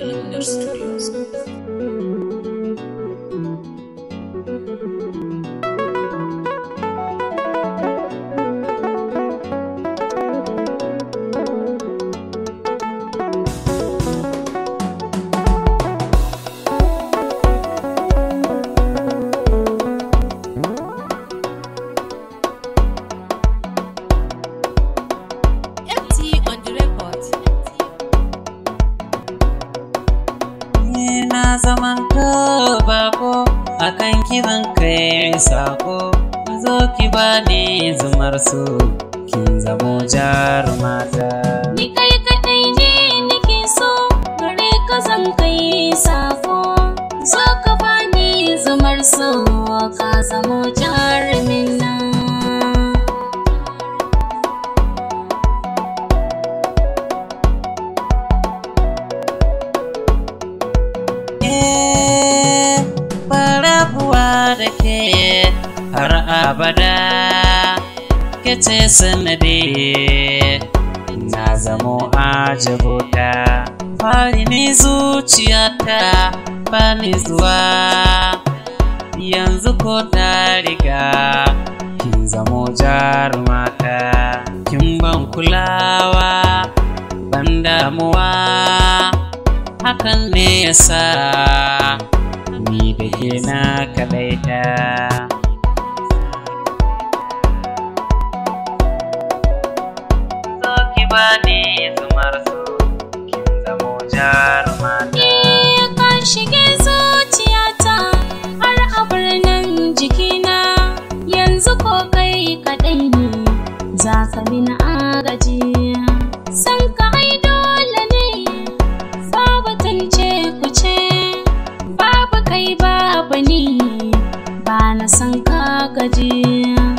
Illumina Studios. zaman zaman bako akan kiran kai sako zo ki bani zumar su kin zamo jar mata ni kai kadai ne nake so kare ka zan kai safo zo ka bani zumar su ka zamo har abada kace sanade na zamo ajabuta fari ne zuciyata ba ni zuwa yanzu ko ta riga kin zamo jarumata kin ban kulawa ban damuwa hakan ne yasa ni da ke na kaɗaita wani zumar su kin zamo jaruma eh kan shige zuciyata har a birnin jikina yanzu ko kai kaɗai ne za ka bi na agaji san ka ai dole ne sabatance ku ce babu kai babu ni ba na san ka gajiya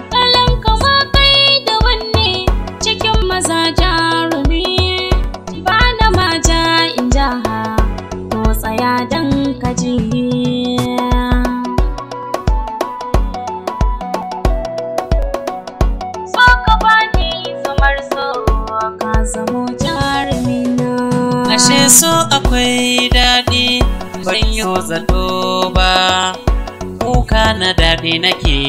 ganin su akwai daɗi ban yi zato ba kuka na daɗi nake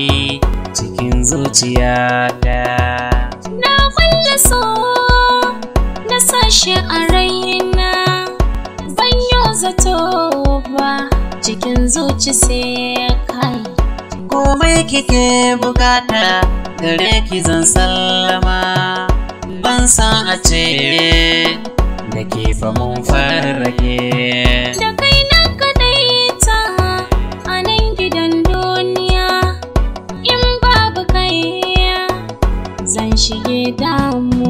cikin zuciya ta. na kulle so na sashe a raina ban yi zato ba cikin zuci sai kai komai kike bukata gare ki zan sallama ban san a ce da ke mun farrake da kai nan kadai ta a nan gidan duniya in babu kai zan shige damu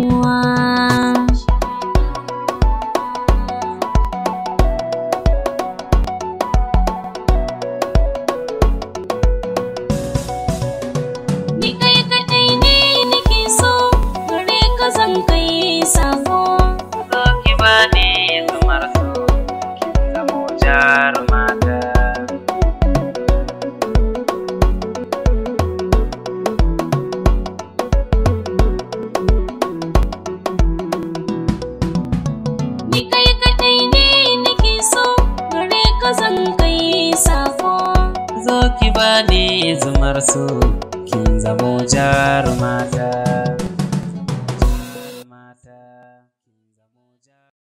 Wani ne zumar su kin zamo jar mata